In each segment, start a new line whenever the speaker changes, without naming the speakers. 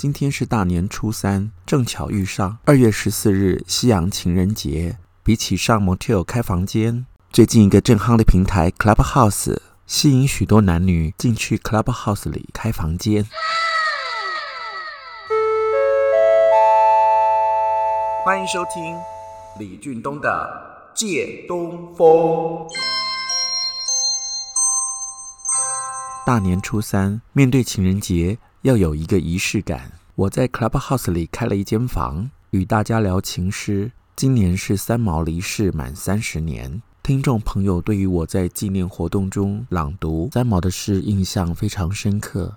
今天是大年初三，正巧遇上二月十四日西洋情人節。比起上 Motel 開房間，最近一個正夯的平台 Clubhouse 吸引許多男女進去 Clubhouse 裡開房間。歡迎收聽李俊東的《借東風》。大年初三，面對情人節。要有一個儀式感。我在 Clubhouse 裡開了一間房，與大家聊情詩。今年是三毛離世滿三十年，聽眾朋友對於我在紀念活動中朗讀三毛的詩印象非常深刻。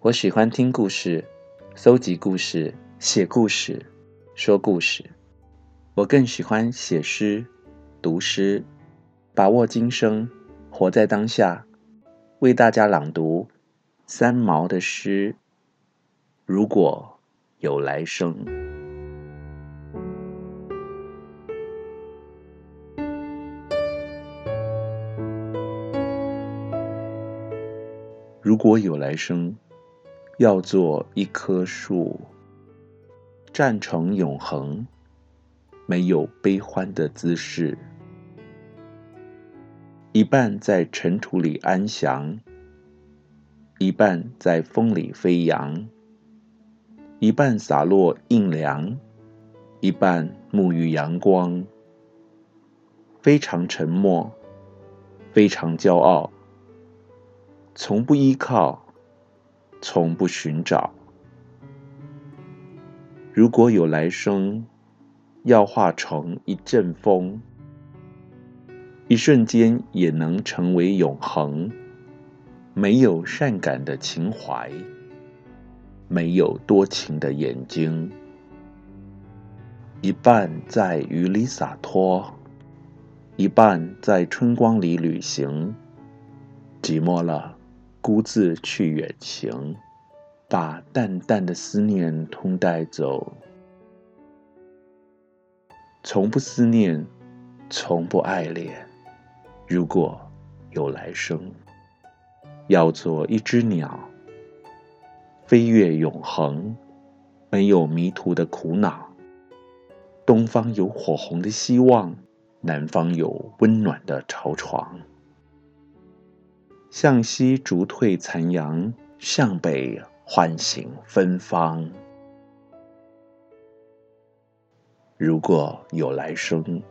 我喜歡聽故事，蒐集故事，寫故事，說故事。我更喜歡寫詩、讀詩，把握今生，活在當下，為大家朗讀三毛的詩。如果有來生，如果有來生，要做一棵樹，站成永恆。沒有悲歡的姿勢，一半在塵土裡安詳，一半在風裡飛揚，一半灑落陰涼，一半沐浴陽光。非常沉默，非常驕傲，從不依靠，從不尋找。如果有來生，要化成一陣風，一瞬間也能成為永恆。沒有善感的情懷，沒有多情的眼睛，一半在雨裡灑脫，一半在春光裡旅行。寂寞了，孤自去遠行，把淡淡的思念統帶走。從不思念，從不愛戀。如果有來生，要做一隻鳥，飛越永恆，沒有迷途的苦惱。東方有火紅的希望，南方有溫暖的巢床。向西逐退殘陽，向北喚醒芬芳。如果有來生，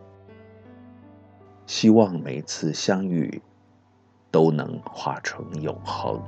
希望每次相遇，都能化成永恆。